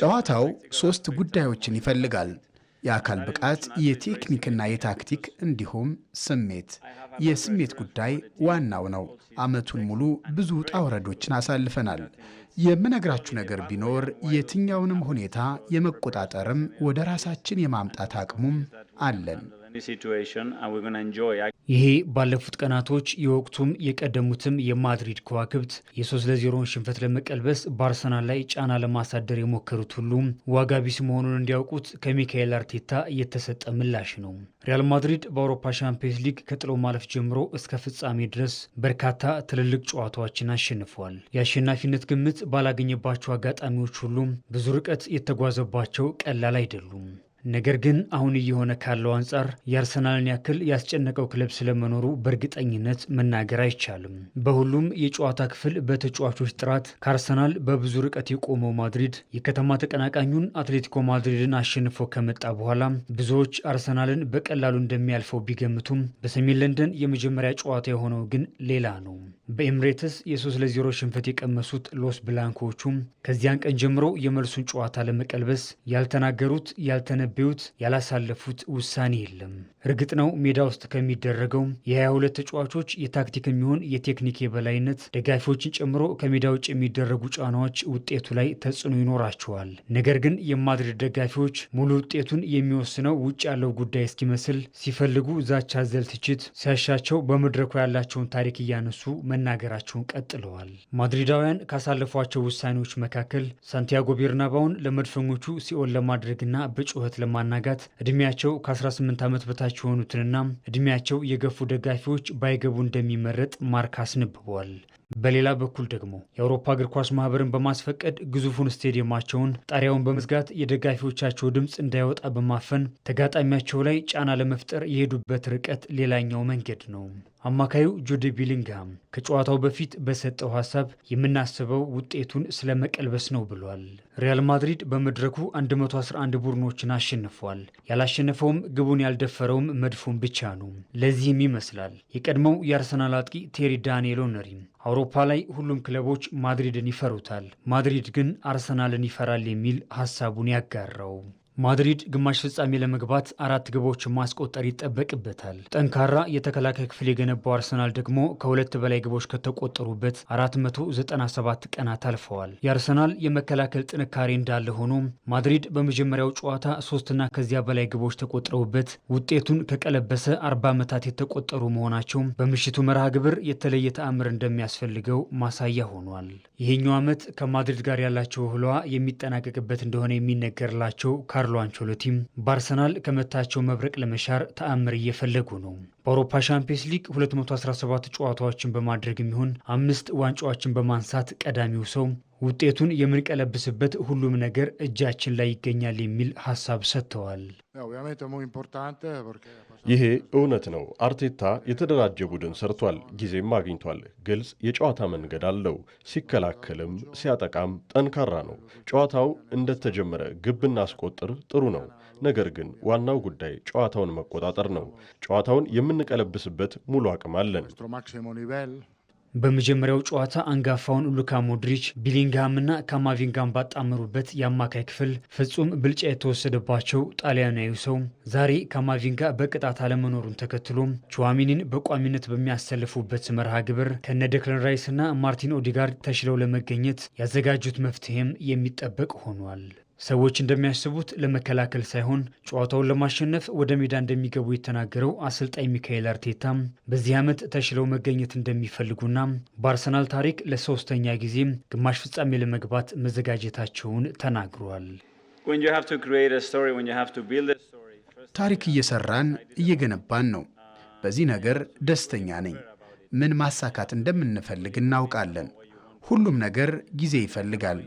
ጨዋታው ሶስት ጉዳዮችን ይፈልጋል። የአካል ብቃት፣ የቴክኒክና የታክቲክ እንዲሁም ስሜት። የስሜት ጉዳይ ዋናው ነው። ዓመቱን ሙሉ ብዙ ውጣ ውረዶችን አሳልፈናል። የምነግራችሁ ነገር ቢኖር የትኛውንም ሁኔታ የመቆጣጠርም ወደ ራሳችን የማምጣት አቅሙም አለን። ይሄ ባለፉት ቀናቶች የወቅቱም የቀደሙትም የማድሪድ ከዋክብት የሶስት ለዜሮን ሽንፈት ለመቀልበስ በአርሰናል ላይ ጫና ለማሳደር የሞከሩት ሁሉም ዋጋ ቢስ መሆኑን እንዲያውቁት ከሚካኤል አርቴታ የተሰጠ ምላሽ ነው። ሪያል ማድሪድ በአውሮፓ ሻምፒዮንስ ሊግ ከጥሎ ማለፍ ጀምሮ እስከ ፍጻሜ ድረስ በርካታ ትልልቅ ጨዋታዎችን አሸንፏል። የአሸናፊነት ግምት ባላገኘባቸው አጋጣሚዎች ሁሉም ብዙ ርቀት የተጓዘባቸው ቀላል አይደሉም። ነገር ግን አሁን እየሆነ ካለው አንጻር የአርሰናልን ያክል ያስጨነቀው ክለብ ስለመኖሩ በእርግጠኝነት መናገር አይቻልም። በሁሉም የጨዋታ ክፍል በተጫዋቾች ጥራት ከአርሰናል በብዙ ርቀት የቆመው ማድሪድ የከተማ ተቀናቃኙን አትሌቲኮ ማድሪድን አሸንፎ ከመጣ በኋላ ብዙዎች አርሰናልን በቀላሉ እንደሚያልፈው ቢገምቱም በሰሜን ለንደን የመጀመሪያ ጨዋታ የሆነው ግን ሌላ ነው። በኤምሬትስ የሶስት ለዜሮ ሽንፈት የቀመሱት ሎስ ብላንኮቹም ከዚያን ቀን ጀምሮ የመልሱን ጨዋታ ለመቀልበስ ያልተናገሩት ያልተነ ያልተገነቢዩት ያላሳለፉት ውሳኔ የለም። እርግጥ ነው ሜዳ ውስጥ ከሚደረገው የ22 ተጫዋቾች የታክቲክ የሚሆን የቴክኒክ የበላይነት ደጋፊዎችን ጨምሮ ከሜዳ ውጭ የሚደረጉ ጫናዎች ውጤቱ ላይ ተጽዕኖ ይኖራቸዋል። ነገር ግን የማድሪድ ደጋፊዎች ሙሉ ውጤቱን የሚወስነው ውጭ ያለው ጉዳይ እስኪመስል ሲፈልጉ ዛቻ ዘል ትችት ሲያሻቸው በመድረኩ ያላቸውን ታሪክ እያነሱ መናገራቸውን ቀጥለዋል። ማድሪዳውያን ካሳለፏቸው ውሳኔዎች መካከል ሳንቲያጎ ቤርናባውን ለመድፈኞቹ ሲኦል ለማድረግና በጩኸት ለማናጋት እድሜያቸው ከ18 ዓመት በታች የሆኑትንና እድሜያቸው የገፉ ደጋፊዎች ባይገቡ እንደሚመረጥ ማርክ አስነብበዋል። በሌላ በኩል ደግሞ የአውሮፓ እግር ኳስ ማህበርን በማስፈቀድ ግዙፉን ስቴዲየማቸውን ጣሪያውን በመዝጋት የደጋፊዎቻቸው ድምፅ እንዳይወጣ በማፈን ተጋጣሚያቸው ላይ ጫና ለመፍጠር የሄዱበት ርቀት ሌላኛው መንገድ ነው። አማካዩ ጆዲ ቢሊንግሃም ከጨዋታው በፊት በሰጠው ሀሳብ የምናስበው ውጤቱን ስለመቀልበስ ነው ብሏል። ሪያል ማድሪድ በመድረኩ 111 ቡድኖችን አሸንፏል። ያላሸነፈውም ግቡን ያልደፈረውም መድፎን ብቻ ነው። ለዚህም ይመስላል የቀድሞው የአርሰናል አጥቂ ቴሪ ዳንኤል ሄንሪ አውሮፓ ላይ ሁሉም ክለቦች ማድሪድን ይፈሩታል፣ ማድሪድ ግን አርሰናልን ይፈራል የሚል ሀሳቡን ያጋራው ማድሪድ ግማሽ ፍጻሜ ለመግባት አራት ግቦችን ማስቆጠር ይጠበቅበታል። ጠንካራ የተከላካይ ክፍል የገነባው አርሰናል ደግሞ ከሁለት በላይ ግቦች ከተቆጠሩበት 497 ቀናት አልፈዋል። የአርሰናል የመከላከል ጥንካሬ እንዳለ ሆኖ ማድሪድ በመጀመሪያው ጨዋታ ሶስትና ከዚያ በላይ ግቦች ተቆጥረውበት ውጤቱን ከቀለበሰ 40 ዓመታት የተቆጠሩ መሆናቸው በምሽቱ መርሃ ግብር የተለየ ተአምር እንደሚያስፈልገው ማሳያ ሆኗል። ይህኛው ዓመት ከማድሪድ ጋር ያላቸው ህሏ የሚጠናቀቅበት እንደሆነ የሚነገርላቸው ካርሎ አንቾሎቲም በአርሰናል ከመታቸው መብረቅ ለመሻር ተአምር እየፈለጉ ነው። በአውሮፓ ሻምፒየንስ ሊግ 217 ጨዋታዎችን በማድረግ የሚሆን አምስት ዋንጫዎችን በማንሳት ቀዳሚው ሰው ውጤቱን የምንቀለብስበት ሁሉም ነገር እጃችን ላይ ይገኛል የሚል ሀሳብ ሰጥተዋል። ይሄ እውነት ነው። አርቴታ የተደራጀ ቡድን ሰርቷል፣ ጊዜም አግኝቷል። ግልጽ የጨዋታ መንገድ አለው። ሲከላከልም ሲያጠቃም ጠንካራ ነው። ጨዋታው እንደተጀመረ ግብ አስቆጥር ጥሩ ነው። ነገር ግን ዋናው ጉዳይ ጨዋታውን መቆጣጠር ነው። ጨዋታውን የምንቀለብስበት ሙሉ አቅም አለን። በመጀመሪያው ጨዋታ አንጋፋውን ሉካ ሞድሪች ቢሊንግሃምና ካማቪንጋም ባጣመሩበት የአማካይ ክፍል ፍጹም ብልጫ የተወሰደባቸው ጣሊያናዊ ሰው ዛሬ ካማቪንጋ በቅጣት አለመኖሩን ተከትሎ ቹዋሚኒን በቋሚነት በሚያሰልፉበት መርሃ ግብር ከነ ደክለን ራይስና ማርቲን ኦዲጋርድ ተሽለው ለመገኘት ያዘጋጁት መፍትሄም የሚጠበቅ ሆኗል። ሰዎች እንደሚያስቡት ለመከላከል ሳይሆን ጨዋታውን ለማሸነፍ ወደ ሜዳ እንደሚገቡ የተናገረው አሰልጣኝ ሚካኤል አርቴታ በዚህ ዓመት ተሽለው መገኘት እንደሚፈልጉና በአርሰናል ታሪክ ለሶስተኛ ጊዜ ግማሽ ፍጻሜ ለመግባት መዘጋጀታቸውን ተናግሯል። ታሪክ እየሰራን እየገነባን ነው። በዚህ ነገር ደስተኛ ነኝ። ምን ማሳካት እንደምንፈልግ እናውቃለን። ሁሉም ነገር ጊዜ ይፈልጋል።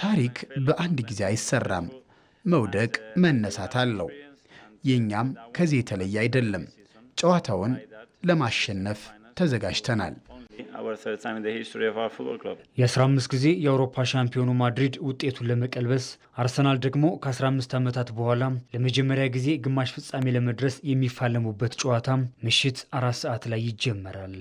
ታሪክ በአንድ ጊዜ አይሰራም። መውደቅ መነሳት አለው። የእኛም ከዚህ የተለየ አይደለም። ጨዋታውን ለማሸነፍ ተዘጋጅተናል። የ15 ጊዜ የአውሮፓ ሻምፒዮኑ ማድሪድ ውጤቱን ለመቀልበስ አርሰናል ደግሞ ከ15 ዓመታት በኋላ ለመጀመሪያ ጊዜ ግማሽ ፍጻሜ ለመድረስ የሚፋለሙበት ጨዋታ ምሽት አራት ሰዓት ላይ ይጀመራል።